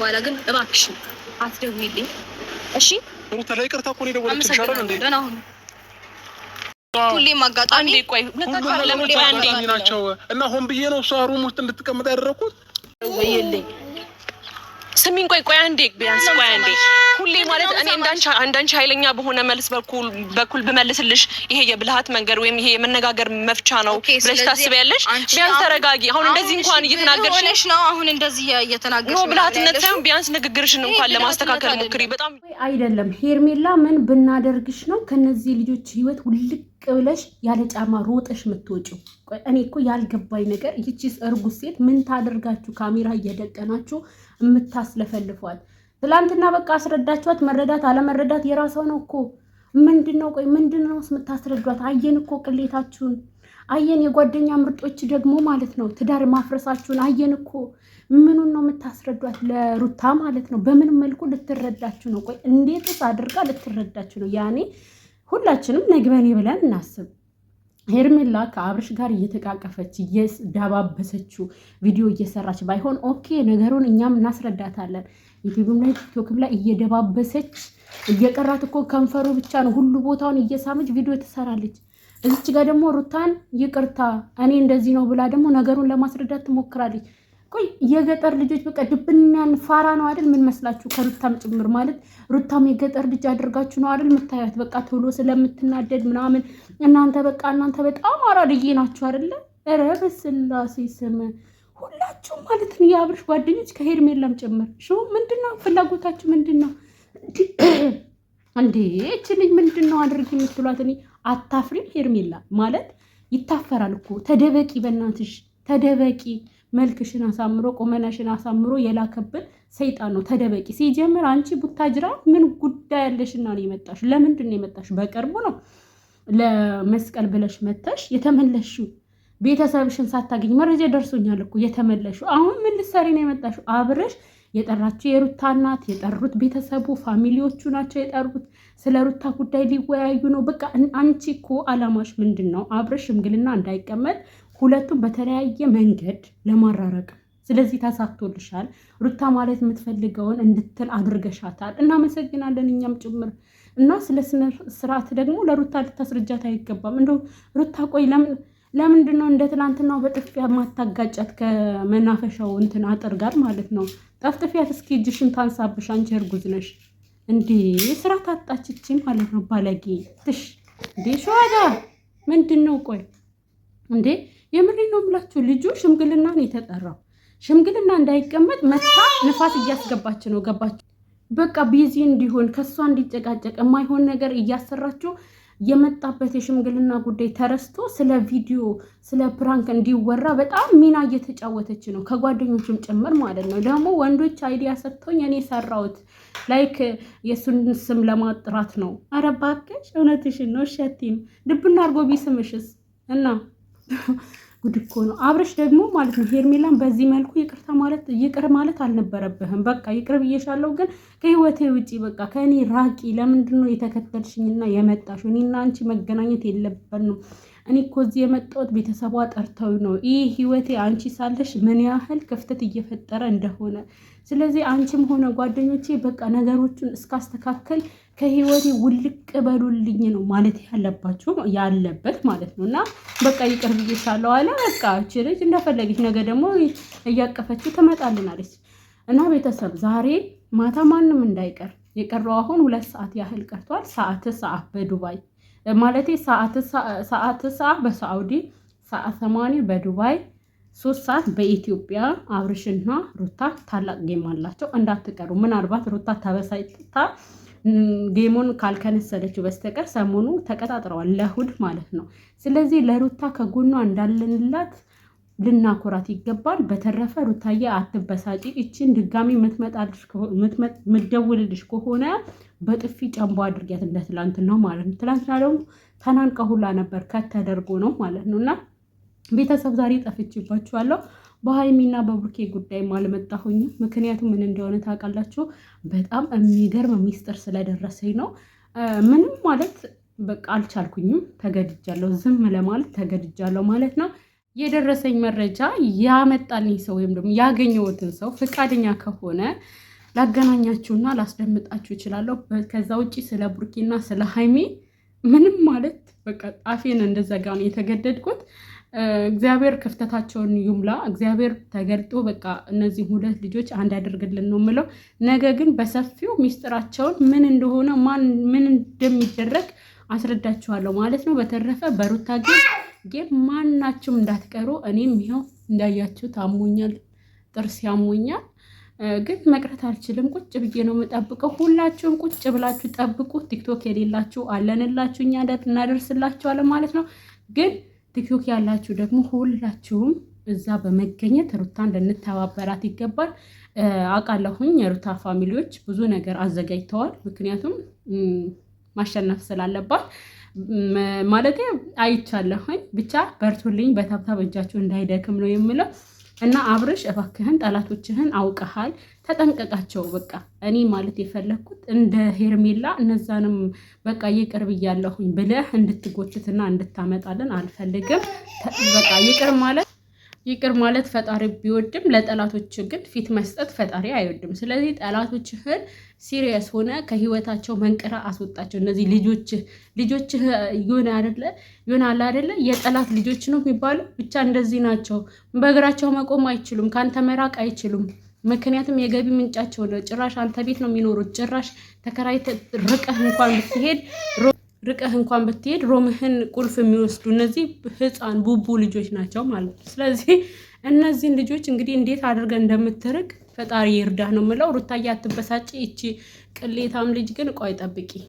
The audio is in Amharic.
በኋላ ግን እባክሽ አትደውይልኝ እሺ። ሩታ ላይ ቅርታ እኮ ነው የደወለችልሽ አይደል እንዴ? ሁሌም አጋጣሚ ሁሌም ናቸው እና ሆን ብዬ ነው እሷ ሩም ውስጥ እንድትቀመጥ ያደረኩት። ስሚን፣ ቆይ ቆይ አንዴ ቢያንስ ቆይ አንዴ። ሁሌ ማለት እኔ እንዳንቺ ኃይለኛ በሆነ መልስ በኩል በኩል ብመልስልሽ ይሄ የብልሃት መንገድ ወይም ይሄ የመነጋገር መፍቻ ነው ብለሽ ታስቢያለሽ? ቢያንስ ተረጋጊ። አሁን እንደዚህ እንኳን እየተናገርሽ ነው። አሁን እንደዚህ እየተናገርሽ ነው። ብልሃትነት ሳይሆን ቢያንስ ንግግርሽን እንኳን ለማስተካከል ሞክሪ። በጣም አይደለም ሄርሜላ፣ ምን ብናደርግሽ ነው ከነዚህ ልጆች ህይወት ውልቅ ብለሽ ያለ ጫማ ሮጠሽ የምትወጪው? እኔ እኮ ያልገባኝ ነገር ይቺስ እርጉዝ ሴት ምን ታደርጋችሁ ካሜራ እየደቀናችሁ የምታስለፈልፏል? ትላንትና በቃ አስረዳችኋት። መረዳት አለመረዳት የራሷ ነው እኮ ምንድን ነው? ቆይ ምንድን ነው የምታስረዷት? አየን እኮ ቅሌታችሁን አየን። የጓደኛ ምርጦች ደግሞ ማለት ነው ትዳር ማፍረሳችሁን አየን እኮ። ምኑን ነው የምታስረዷት? ለሩታ ማለት ነው። በምን መልኩ ልትረዳችሁ ነው? ቆይ እንዴትስ አድርጋ ልትረዳችሁ ነው? ያኔ ሁላችንም ነግበኔ ብለን እናስብ። ሄርሜላ ከአብርሽ ጋር እየተቃቀፈች እየዳባበሰችው ቪዲዮ እየሰራች ባይሆን ኦኬ፣ ነገሩን እኛም እናስረዳታለን። ዩቲዩብም ላይ ቲክቶክም ላይ እየደባበሰች እየቀራት እኮ ከንፈሩ ብቻ ነው ሁሉ ቦታውን እየሳመች ቪዲዮ ትሰራለች። እዚች ጋር ደግሞ ሩታን ይቅርታ እኔ እንደዚህ ነው ብላ ደግሞ ነገሩን ለማስረዳት ትሞክራለች። ቆይ የገጠር ልጆች በቃ ድብናን ፋራ ነው አይደል? ምን መስላችሁ? ከሩታም ጭምር ማለት ሩታም የገጠር ልጅ አድርጋችሁ ነው አይደል የምታያት? በቃ ቶሎ ስለምትናደድ ምናምን እናንተ በቃ እናንተ በጣም አራድዬ ናችሁ አይደለ? ኧረ በስላሴ ስም ሁላችሁም ማለት ነው የአብርሽ ጓደኞች ከሄርሜላም ጭምር ሽ ምንድን ነው ፍላጎታችሁ? ምንድን ነው እንዴ? እች ልጅ ምንድን ነው አድርግ የምትሏት? እኔ አታፍሪም ሄርሜላ ማለት ይታፈራል እኮ ተደበቂ፣ በእናትሽ ተደበቂ። መልክሽን አሳምሮ ቁመናሽን አሳምሮ የላከብን ሰይጣን ነው። ተደበቂ። ሲጀምር አንቺ ቡታጅራ ምን ጉዳይ ያለሽና ነው የመጣሽ? ለምንድን ነው የመጣሽ? በቅርቡ ነው ለመስቀል ብለሽ መተሽ የተመለሽው ቤተሰብሽን ሳታገኝ መረጃ ደርሶኛል እኮ የተመለሽው። አሁን ምን ልትሰሪ ነው የመጣሽው? አብረሽ የጠራችው የሩታ እናት የጠሩት ቤተሰቡ ፋሚሊዎቹ ናቸው የጠሩት። ስለ ሩታ ጉዳይ ሊወያዩ ነው። በቃ አንቺ እኮ አላማሽ ምንድን ነው? አብረሽ ሽምግልና እንዳይቀመጥ ሁለቱም በተለያየ መንገድ ለማራረቅ ስለዚህ ተሳክቶልሻል። ሩታ ማለት የምትፈልገውን እንድትል አድርገሻታል። እናመሰግናለን እኛም ጭምር እና ስለ ስነ ስርዓት ደግሞ ለሩታ ልታስረጃት አይገባም። እንደው ሩታ ቆይ ለምንድን ነው እንደ ትላንትናው በጥፊያ ማታጋጫት? ከመናፈሻው እንትን አጥር ጋር ማለት ነው። ጠፍጥፊያት እስኪ እጅሽን ታንሳብሽ። አንቺ እርጉዝ ነሽ እንዴ? ስራ ታጣችቺ ማለት ነው። ባለጌ ትሽ እንዴ! ሸዋዳ ምንድን ነው ቆይ እንዴ የምሬ ነው የምላችሁ። ልጁ ሽምግልና ነው የተጠራው። ሽምግልና እንዳይቀመጥ መታ ንፋስ እያስገባች ነው። ገባችሁ? በቃ ቢዚ እንዲሆን ከእሷ እንዲጨቃጨቅ የማይሆን ነገር እያሰራችሁ የመጣበት የሽምግልና ጉዳይ ተረስቶ ስለ ቪዲዮ ስለ ፕራንክ እንዲወራ በጣም ሚና እየተጫወተች ነው፣ ከጓደኞችም ጭምር ማለት ነው። ደግሞ ወንዶች አይዲያ ሰጥቶኝ እኔ ሰራሁት ላይክ የእሱን ስም ለማጥራት ነው። ኧረ እባክሽ እውነትሽን ነው። ሸቲም ድብና አርጎ ቢስምሽስ እና ጉድ እኮ ነው አብረሽ ደግሞ ማለት ነው። ሄርሜላን በዚህ መልኩ ይቅርታ ማለት ይቅር ማለት አልነበረብህም። በቃ ይቅር ብዬሻለሁ፣ ግን ከህይወቴ ውጪ በቃ ከእኔ ራቂ። ለምንድን ነው የተከተልሽኝና የመጣሽ? እኔና አንቺ መገናኘት ነው። እኔ እኮ እዚህ የመጣሁት ቤተሰቧ ጠርተው ነው። ይህ ህይወቴ አንቺ ሳለሽ ምን ያህል ክፍተት እየፈጠረ እንደሆነ ስለዚህ አንቺም ሆነ ጓደኞቼ በቃ ነገሮቹን እስካስተካከል ከህይወቴ ውልቅ በሉልኝ ነው ማለት ያለባችሁ ያለበት ማለት ነው። እና በቃ ይቅር ብዬሻለሁ አለ። በቃ እቺ ልጅ እንደፈለገች ነገ ደግሞ እያቀፈችው ትመጣልናለች። እና ቤተሰብ ዛሬ ማታ ማንም እንዳይቀር የቀረው አሁን ሁለት ሰዓት ያህል ቀርቷል። ሰዓት ሰዓት በዱባይ ማለት ሰዓት ሰዓት በሳዑዲ ሰዓት ሰማንያ በዱባይ ሶስት ሰዓት በኢትዮጵያ አብርሽና ሩታ ታላቅ ጌም አላቸው። እንዳትቀሩ። ምናልባት ሩታ ተበሳጭታ ጌሙን ካልከነሰለችው በስተቀር ሰሞኑ ተቀጣጥረዋል፣ ለእሑድ ማለት ነው። ስለዚህ ለሩታ ከጎኗ እንዳለንላት ልናኮራት ይገባል። በተረፈ ሩታዬ አትበሳጪ። እችን ድጋሚ የምትደውልልሽ ከሆነ በጥፊ ጨንቦ አድርጊያት፣ እንደ ትላንት ነው ማለት ነው። ትላንትና ደግሞ ተናንቀ ሁላ ነበር ከተደርጎ ነው ማለት ነው እና ቤተሰብ ዛሬ ጠፍቼባችኋለሁ። በሀይሚና በቡርኬ ጉዳይ አልመጣሁኝም። ምክንያቱም ምን እንደሆነ ታውቃላችሁ። በጣም የሚገርም ሚስጥር ስለደረሰኝ ነው። ምንም ማለት በቃ አልቻልኩኝም። ተገድጃለሁ፣ ዝም ለማለት ተገድጃለሁ ማለት ነው። የደረሰኝ መረጃ ያመጣልኝ ሰው ወይም ደግሞ ያገኘሁትን ሰው ፈቃደኛ ከሆነ ላገናኛችሁና ላስደምጣችሁ እችላለሁ። ከዛ ውጭ ስለ ቡርኬና ስለ ሀይሚ ምንም ማለት በቃ ጣፌን እንደዘጋ ነው የተገደድኩት። እግዚአብሔር ክፍተታቸውን ይሙላ። እግዚአብሔር ተገልጦ በቃ እነዚህ ሁለት ልጆች አንድ ያደርግልን ነው የምለው። ነገ ግን በሰፊው ሚስጥራቸውን ምን እንደሆነ ማን ምን እንደሚደረግ አስረዳችኋለሁ ማለት ነው። በተረፈ በሩታ ጌም ማናችሁም እንዳትቀሩ። እኔም ይኸው እንዳያችሁ ታሞኛል፣ ጥርስ ያሞኛል፣ ግን መቅረት አልችልም። ቁጭ ብዬ ነው የምጠብቀው። ሁላችሁም ቁጭ ብላችሁ ጠብቁ። ቲክቶክ የሌላችሁ አለንላችሁ፣ እኛ እናደርስላችኋለን ማለት ነው ግን ቲክቶክ ያላችሁ ደግሞ ሁላችሁም እዛ በመገኘት ሩታን ልንተባበራት ይገባል። አውቃለሁኝ የሩታ ፋሚሊዎች ብዙ ነገር አዘጋጅተዋል። ምክንያቱም ማሸነፍ ስላለባት ማለት አይቻለሁኝ። ብቻ በርቱልኝ፣ በታብታብ እጃችሁ እንዳይደክም ነው የምለው። እና አብርሽ እባክህን ጠላቶችህን አውቀሃል፣ ተጠንቀቃቸው። በቃ እኔ ማለት የፈለግኩት እንደ ሄርሜላ እነዛንም በቃ ይቅር እያለሁኝ ብለህ እንድትጎትትና እንድታመጣልን አልፈልግም። በቃ ይቅር ማለት ይቅር ማለት ፈጣሪ ቢወድም ለጠላቶች ግን ፊት መስጠት ፈጣሪ አይወድም። ስለዚህ ጠላቶችህን ሲሪየስ ሆነ ከህይወታቸው መንቅራ አስወጣቸው። እነዚህ ልጆች ልጆች የሆነ አደለ የሆነ አለ አደለ የጠላት ልጆች ነው የሚባሉ ብቻ እንደዚህ ናቸው። በእግራቸው መቆም አይችሉም፣ ከአንተ መራቅ አይችሉም። ምክንያቱም የገቢ ምንጫቸው ነው። ጭራሽ አንተ ቤት ነው የሚኖሩት። ጭራሽ ተከራይ ርቀህ እንኳን ብትሄድ ርቀህ እንኳን ብትሄድ ሮምህን ቁልፍ የሚወስዱ እነዚህ ህፃን ቡቡ ልጆች ናቸው ማለት ነው። ስለዚህ እነዚህን ልጆች እንግዲህ እንዴት አድርገን እንደምትርቅ ፈጣሪ ይርዳህ ነው የምለው። ሩታዬ አትበሳጭ። ይቺ ቅሌታም ልጅ ግን ቆይ ጠብቂ።